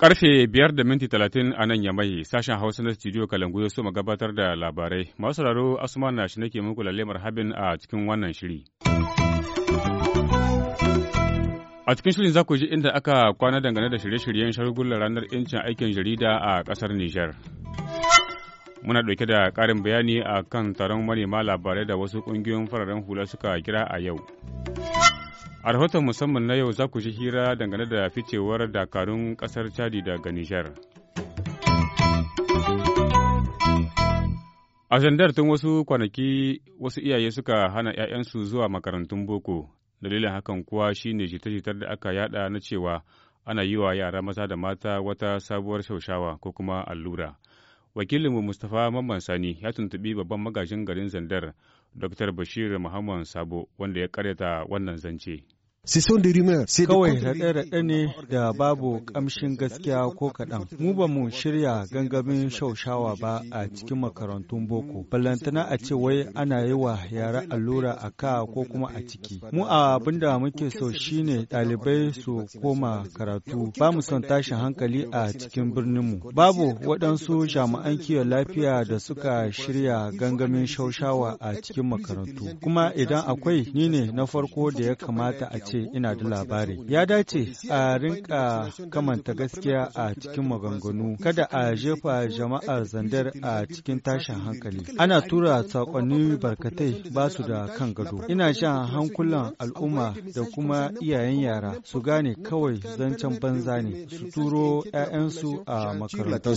Karfe biyar da minti talatin a nan yamai sashen Hausa na studio Kalangu ya so gabatar da labarai. Masu raro Asuma na shi nake muku lalemar habin a cikin wannan shiri. A cikin shirin za ku ji inda aka kwana dangane da shirye-shiryen shagulan ranar 'yancin aikin jarida a ƙasar Nijar. Muna ɗauke da ƙarin bayani a kan taron manema labarai da wasu ƙungiyoyin fararen hula suka kira a yau. A rahoton musamman na yau za ku ji hira dangane da ficewar dakarun ƙasar Chadi daga Nijar. A Zandar tun wasu kwanaki wasu iyaye suka hana 'ya'yansu zuwa makarantun boko, dalilin hakan kuwa shine jita-jitar da aka yada na cewa ana yi wa yara maza da mata wata sabuwar shaushawa ko kuma allura. wakilinmu mustapha mamman sani ya tuntubi babban magajin garin zandar dr bashir muhammad sabo wanda ya karyata wannan zance. Kawai raɗe-raɗe ne da babu ƙamshin gaskiya ko kaɗan. Mu ba mu shirya gangamin shaushawa ba a cikin makarantun boko. Ballantana a ce wai ana yi wa yara allura a ka ko kuma a ciki. Mu abin da muke so shine ɗalibai su koma karatu. Ba mu son tashin hankali a cikin birnin mu Babu waɗansu jami'an kiwon lafiya da suka shirya gangamin shaushawa a cikin makarantu. Kuma idan akwai ni ne na farko da ya kamata a ce ce ina da labari. Ya dace a rinka kamanta gaskiya a cikin maganganu, kada a jefa jama'ar zandar a cikin tashin hankali. Ana tura sakonni barkatai ba su da kan gado. Ina shan hankulan al'umma da kuma iyayen yara su gane kawai zancen banza ne su turo 'ya'yansu a makarantu.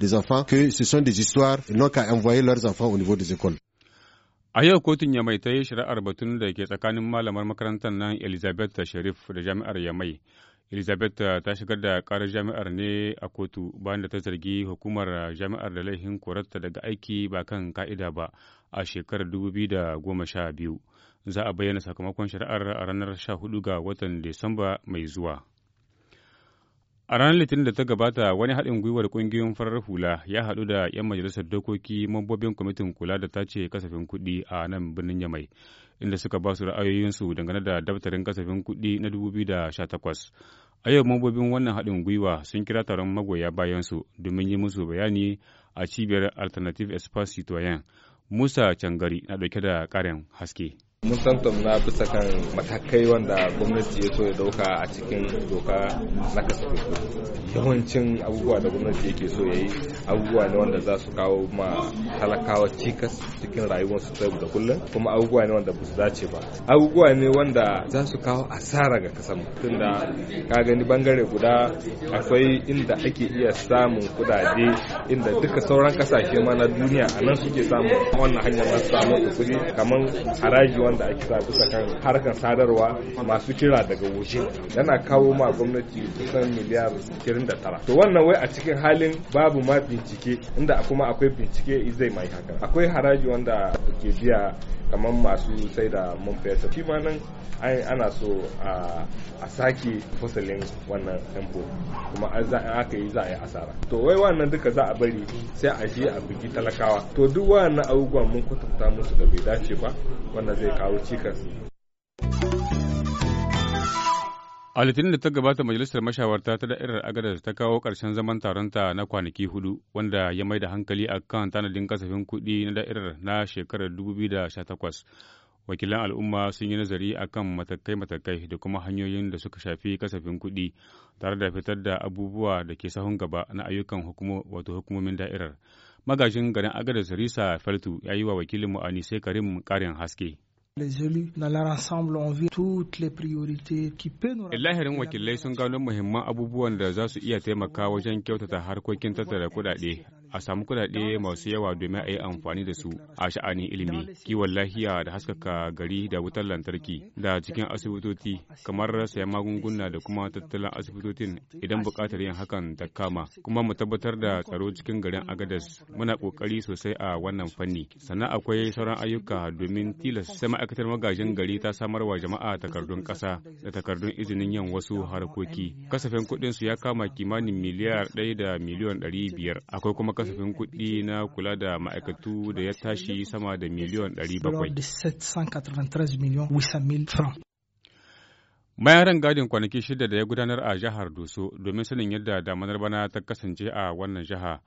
des enfants, ce sont des histoires, non A yau kotun Yamai ta yi shari'ar batun da ke tsakanin malamar makarantar nan Elizabeth Sharif da jami'ar Yamai. Elizabeth ta shigar da karar jami'ar ne a kotu bayan da ta zargi hukumar jami'ar da laifin korarta daga aiki ba kan ka'ida ba a shekarar goma sha biyu Za a bayyana sakamakon shari'ar a ranar hudu ga watan Disamba mai zuwa. A ranar Litinin da ta gabata wani haɗin gwiwar ƙungiyoyin farar hula ya haɗu da 'yan majalisar dokoki mambobin kwamitin kula da tace kasafin kuɗi a nan birnin Yamai, inda suka ba su ra'ayoyinsu dangane da daftarin kasafin kuɗi na 2018. A yau mambobin wannan haɗin gwiwa sun kira taron magoya bayansu domin yi musu bayani a cibiyar Alternative Espace Citoyen. Musa Cangari na ɗauke da ƙarin haske. mun san na bisa kan matakai wanda gwamnati ya so ya dauka a cikin doka na kasafin yawancin abubuwa da gwamnati yake so ya yi abubuwa ne wanda za su kawo ma talakawa cikas cikin rayuwarsu ta da kullum kuma abubuwa ne wanda ba su dace ba abubuwa ne wanda za su kawo asara ga kasan da ka gani bangare guda akwai inda ake iya samun kudade inda duka sauran kasashe ma na duniya a nan suke samun wannan hanyar masu samun kuɗi kamar haraji da ake sa harkar sadarwa masu kira daga waje yana kawo ma gwamnati kusan miliyar 29 to wannan wai a cikin halin babu ma bincike inda kuma akwai bincike zai mai haka akwai haraji wanda ke biya kamar masu sai da man fetur shi ma nan ana so a sake fasalin wannan tempo kuma an aka yi za a yi asara to wai wannan duka za a bari sai a je a bugi talakawa to duk wannan abubuwan mun kwatanta musu da bai dace ba wannan zai kawo cikas A litinin da ta gabata majalisar mashawarta ta da'irar agadar ta kawo ƙarshen zaman taronta na kwanaki hudu wanda ya mai da hankali a kan tanadin kasafin kuɗi na da'irar na shekarar 2018. Wakilan al'umma sun yi nazari a kan matakai-matakai da kuma hanyoyin da suka shafi kasafin kuɗi tare da fitar da abubuwa da ke sahun gaba na ayyukan wato hukumomin da'irar. Magajin garin agadar Risa Feltu ya yi wa wakilinmu Anise Karim ƙarin haske. Les élus dans leur ensemble ont vu toutes les priorités qui peuvent nous Lahirin wakilai sun gano muhimman abubuwan da za su iya taimaka wajen kyautata harkokin tattara kuɗaɗe a samu kudade masu yawa domin a yi amfani da su a sha'ani ilimi kiwon lafiya da haskaka gari da wutar lantarki da cikin asibitoci kamar rasa magunguna da kuma tattalin asibitocin idan buƙatar yin hakan ta kama kuma mu tabbatar da tsaro cikin garin agadas muna ƙoƙari sosai a wannan fanni sannan akwai sauran ayyuka domin tilasta ma'aikatar magajin gari ta samar wa jama'a takardun ƙasa da takardun izinin yin wasu harkoki kasafin kuɗinsu ya kama kimanin miliyar ɗaya da miliyan ɗari biyar akwai kuma kasafin kuɗi na kula da ma'aikatu da ya tashi sama da miliyan 700. bayan rangadin kwanaki shida da ya gudanar a jihar doso domin sanin yadda damanar bana ta kasance a wannan jiha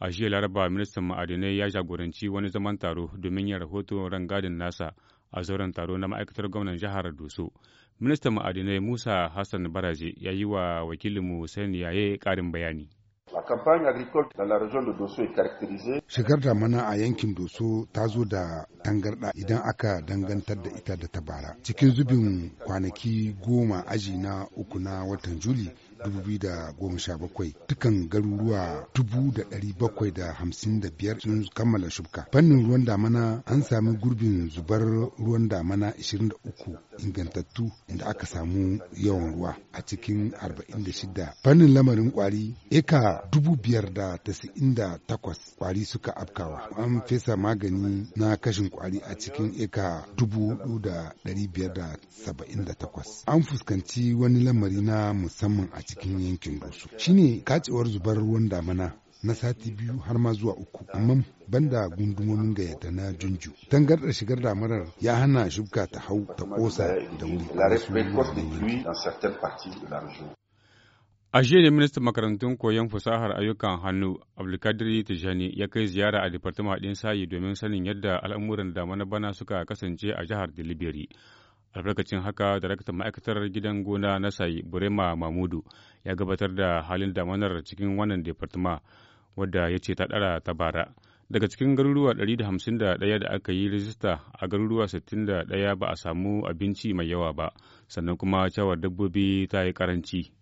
a jiya laraba ministan ma'adinai ya jagoranci wani zaman taro domin yin rahoto rangadin nasa a zauren taro na ma'aikatar gwamnan jihar doso ministan ma'adinai musa hassan baraje ya yi wa wakilinmu sani yaye karin bayani Shigar da mana a yankin Doso ta zo da tangarda idan aka dangantar da ita da ta Cikin zubin kwanaki goma aji na uku na watan Juli 2017 dukan garuruwa biyar sun kammala shubka. Fannin ruwan damana an sami gurbin zubar ruwan damana 23 ingantattu inda aka samu yawan ruwa a cikin 46 fannin lamarin kwari eka 5,098 kwari suka afkawa an fesa magani na kashin kwari a cikin eka 4,578 an fuskanci wani lamari na musamman a cikin yankin dusu shine kacewar zubar ruwan damana na sati biyu har ma zuwa uku amma banda gundumomin gayyata na junju tangarɗar shigar damarar ya hana shuka ta hau ta kosa da wuri a jiya ne ministan makarantun koyon fasahar ayyukan hannu abdulkadir tijani ya kai ziyara a departama ɗin sayi domin sanin yadda al'amuran da na bana suka kasance a jihar delivery albarkacin haka daraktan ma'aikatar gidan gona na sayi burema mamudu ya gabatar da halin damanar cikin wannan departama wadda ya ce ta ɗara ta bara. Daga cikin garuruwa 151 da aka yi rijista a garuruwa 61 ba a samu abinci mai yawa ba, sannan kuma cewar dabbobi ta yi karanci.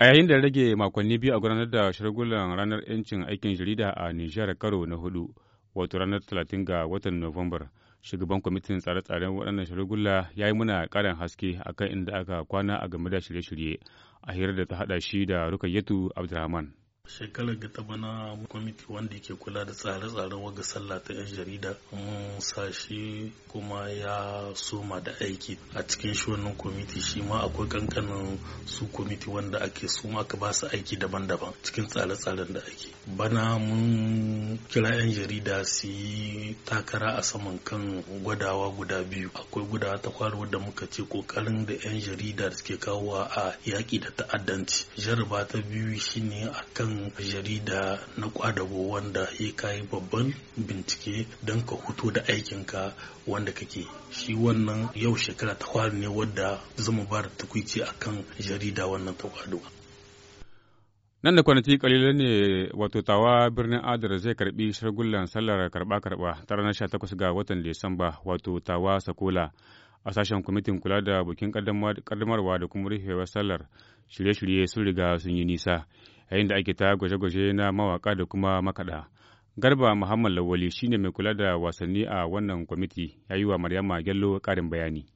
A yayin da rage makonni biyu a gudanar da shirgulan ranar 'yancin aikin jarida a Nijar karo na hudu, wato ranar 30 ga watan Nuwambar, shugaban kwamitin tsare-tsaren waɗannan shirgula ya yi muna ƙarin haske akan inda aka kwana a game da shirye-shirye a hirar da ta haɗa shi da Rukayyatu Abdulrahman. shekarar ga ta bana kwamiti wanda ke kula da tsare-tsaren waga sallah ta yan jarida mun sashi kuma ya soma da aiki a cikin shi wannan kwamiti shi ma akwai kankanin su kwamiti wanda ake suma ka ba su aiki daban-daban cikin tsare-tsaren da ake bana mun kira yan jarida su yi takara a saman kan gwadawa guda biyu akwai gudawa ta kwaro da muka ce kokarin da yan jarida suke kawo a yaƙi da ta'addanci jaraba ta biyu shine akan jarida na kwadago wanda ya kayi babban bincike don ka hutu da aikinka wanda kake shi wannan yau shekara ta kwari ne wadda zama ba da a kan jarida wannan ta kwadago nan da kwanaki kalilan ne wato tawa birnin adar zai karbi shirgullan sallar karba-karba ta ranar 18 ga watan disamba wato tawa sakola a sashen kwamitin kula da bukin kaddamarwa da kuma rufewar sallar shirye-shirye sun riga sun yi nisa yayin da ake ta gwaje-gwaje na mawaƙa da kuma makaɗa. Garba Muhammad Lawali shine mai kula da wasanni a wannan kwamiti ya yi wa Maryama Gello ƙarin bayani.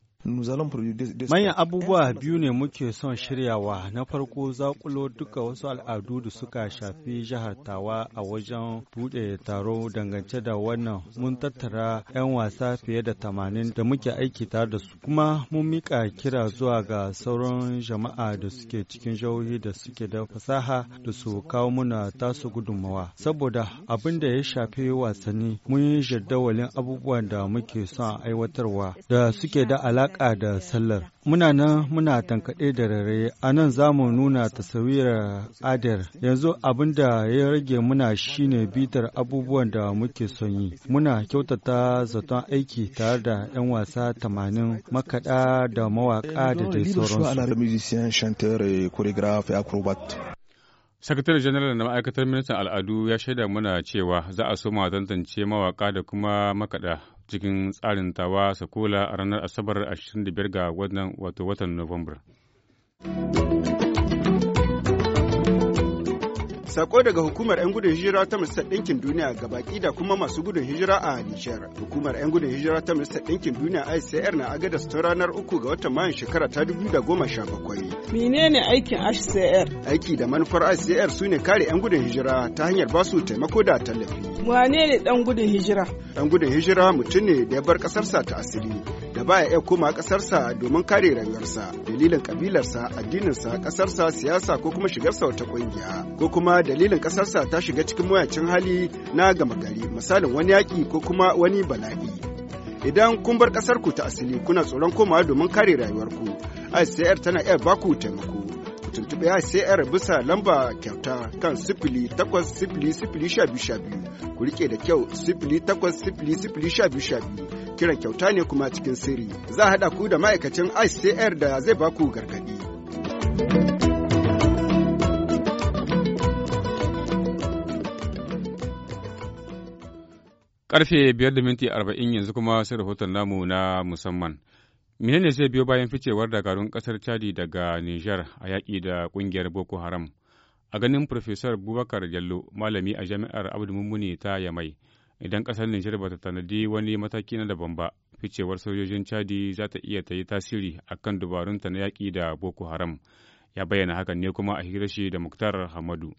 Manyan abubuwa biyu ne muke son shiryawa na farko zakulo duka wasu al'adu da suka shafi jihar Tawa a wajen bude taro dangance da wannan mun tattara 'yan wasa fiye da tamanin da muke aiki tare da su kuma mun mika kira zuwa ga sauran jama'a da suke cikin jihohi da suke da fasaha da su kawo muna tasu gudunmawa saboda abin da ya shafi wasanni mun yi jaddawalin abubuwan da muke son aiwatarwa da suke da alaƙa alaƙa da sallar. Muna nan muna tankaɗe da rare, a nan za mu nuna tasawirar adar. Yanzu abin da ya rage muna shine bitar abubuwan da muke son yi. Muna kyautata zaton aiki tare da 'yan wasa tamanin makaɗa da mawaƙa da dai sauransu. sakataren janar na ma'aikatar ministan al'adu ya shaida muna cewa za a soma tantance mawaka da kuma makaɗa cikin tsarin tawa sakola a ranar asabar 25 ga wannan wato watan nuwambar. Sako daga hukumar 'yan gudun hijira ta Majalisar Ɗinkin Duniya ga baki da kuma masu gudun hijira a Nijar. Hukumar 'yan gudun hijira ta Majalisar Ɗinkin Duniya ICR na agada ta ranar uku ga watan Mayun shekara ta bakwai. Menene aikin ICR? Aiki da manufar ICR su ne kare 'yan gudun hijira ta hanyar basu taimako da tallafi. Wane ne ɗan gudun hijira? Ɗan gudun hijira mutum ne da ya bar ƙasarsa ta asiri da baya iya koma kasarsa domin kare rayuwarsa dalilin ƙabilarsa addininsa kasarsa siyasa ko kuma shigarsa wata ƙungiya ko kuma dalilin ƙasarsa ta shiga cikin mayacin hali na gama gari misalin wani yaƙi ko kuma wani bala'i. idan kun bar kasarku ta asali kuna tsoron komawa domin kare rayuwarku ICR tana iya baku taimako tuntuɓe ICR bisa lamba kyauta kan sifili takwas sifili sifili sha biyu sha biyu ku rike da kyau sifili takwas sifili sifili sha biyu sha biyu kiran kyauta ne kuma cikin sirri za a haɗa ku da ma'aikacin ICR da zai baku gargaɗi. Karfe biyar da minti arba'in yanzu kuma sai rahoton namu na musamman. Menene zai biyo bayan ficewar dakarun kasar Chadi daga Nijar a yaƙi da ƙungiyar Boko Haram? A ganin Profesor Bubakar Jallo, malami a jami'ar Abdu Mummuni ta Yamai, idan kasar Nijar ba ta tanadi wani mataki na daban ba, ficewar sojojin Chadi za ta iya ta yi tasiri a kan dubarunta na yaƙi da Boko Haram. Ya bayyana hakan ne kuma a hirar shi da Muktar Hamadu.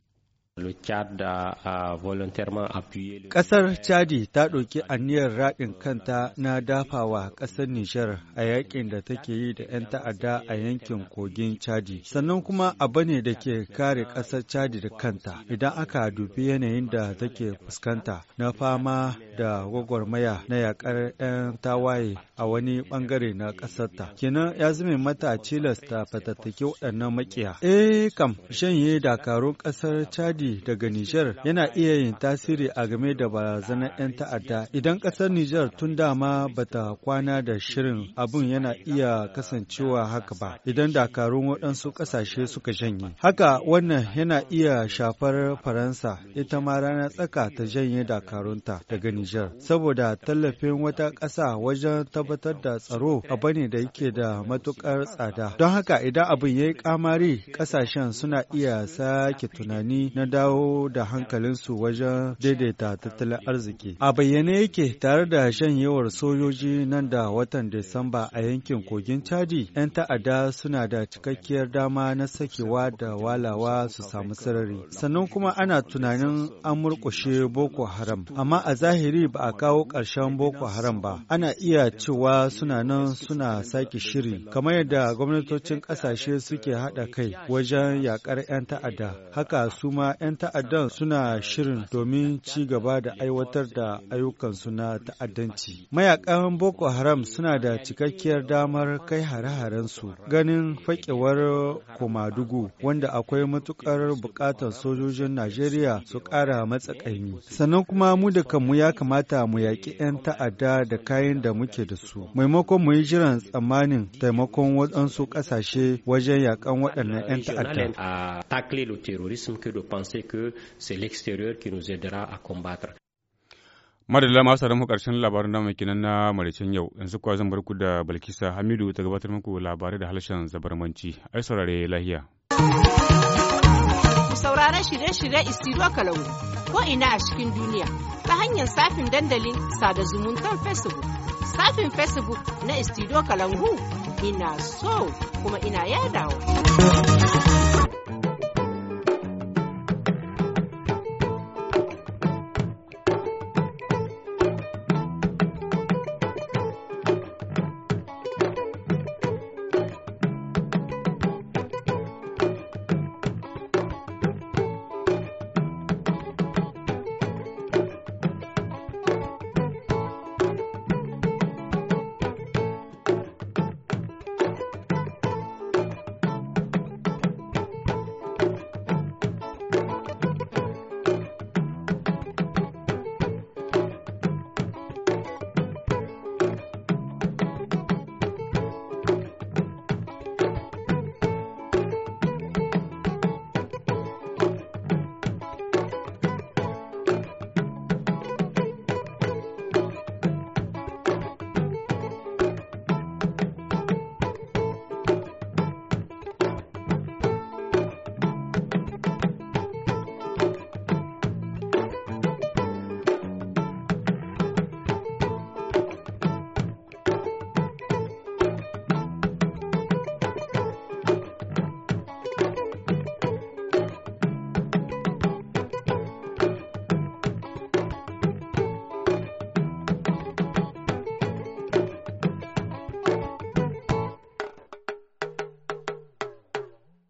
Ƙasar Chadi ta ɗauki aniyar raɗin kanta na dafawa ƙasar Nijar a yakin da take yi da 'yan ta'adda a yankin kogin Chadi. Sannan kuma abu ne da ke kare ƙasar Chadi da kanta idan aka dubi yanayin da take fuskanta na fama da gwagwarmaya na 'ya'ƙar 'yan tawaye a wani ɓangare na ƙasarta. Kenan ya zame mata cilasta fatattake waɗannan makiya. Eh kam, shanye dakarun ƙasar Chadi jihadi daga Nijar yana iya yin tasiri a game da barazanar 'yan ta'adda. Idan ƙasar Nijar tun dama bata kwana da shirin abun yana iya kasancewa haka ba idan dakarun waɗansu ƙasashe suka janye. Haka wannan yana iya shafar Faransa ita ma rana tsaka ta janye dakarunta daga Nijar saboda tallafin wata ƙasa wajen tabbatar da tsaro abu ne da yake da matuƙar tsada. Don haka idan abin ya yi ƙamari ƙasashen suna iya sake tunani na dawo da hankalinsu wajen daidaita tattalin arziki. A bayyane yake tare da shanyewar sojoji nan da watan Disamba a yankin kogin Chadi, 'yan ta'adda suna da cikakkiyar dama na sakewa da walawa su samu sarari. Sannan kuma ana tunanin an murƙushe Boko Haram, amma a zahiri ba a kawo ƙarshen Boko Haram ba. Ana iya cewa suna nan suna sake shiri, kamar yadda gwamnatocin ƙasashe suke haɗa kai wajen yaƙar 'yan ta'adda. Haka su ma 'yan ta'addan suna shirin domin ci gaba da aiwatar da ayyukansu na ta'addanci. Mayakan Boko Haram suna da cikakkiyar damar kai hare-harensu ganin faƙewar Komadugu wanda akwai matukar buƙatar sojojin Najeriya su ƙara matsakaimi. Sannan kuma mu da kanmu ya kamata mu yaƙi 'yan ta'adda da kayan da muke da su. Maimakon mu yi jiran tsammanin taimakon waɗansu ƙasashe wajen yaƙan waɗannan 'yan ta'adda. penser que c'est l'extérieur qui nous aidera à combattre. Madalla masu taron mu karshen labarin da mai na maraicen yau yanzu kuwa zan bar ku da Balkisa Hamidu ta gabatar muku labarai da harshen zabarmanci ai saurare lahiya. Ku shirye-shirye Isiro Kalau ko ina a cikin duniya ta hanyar safin dandalin sada zumuntar Facebook. Safin Facebook na Isiro Kalangu ina so kuma ina yadawa.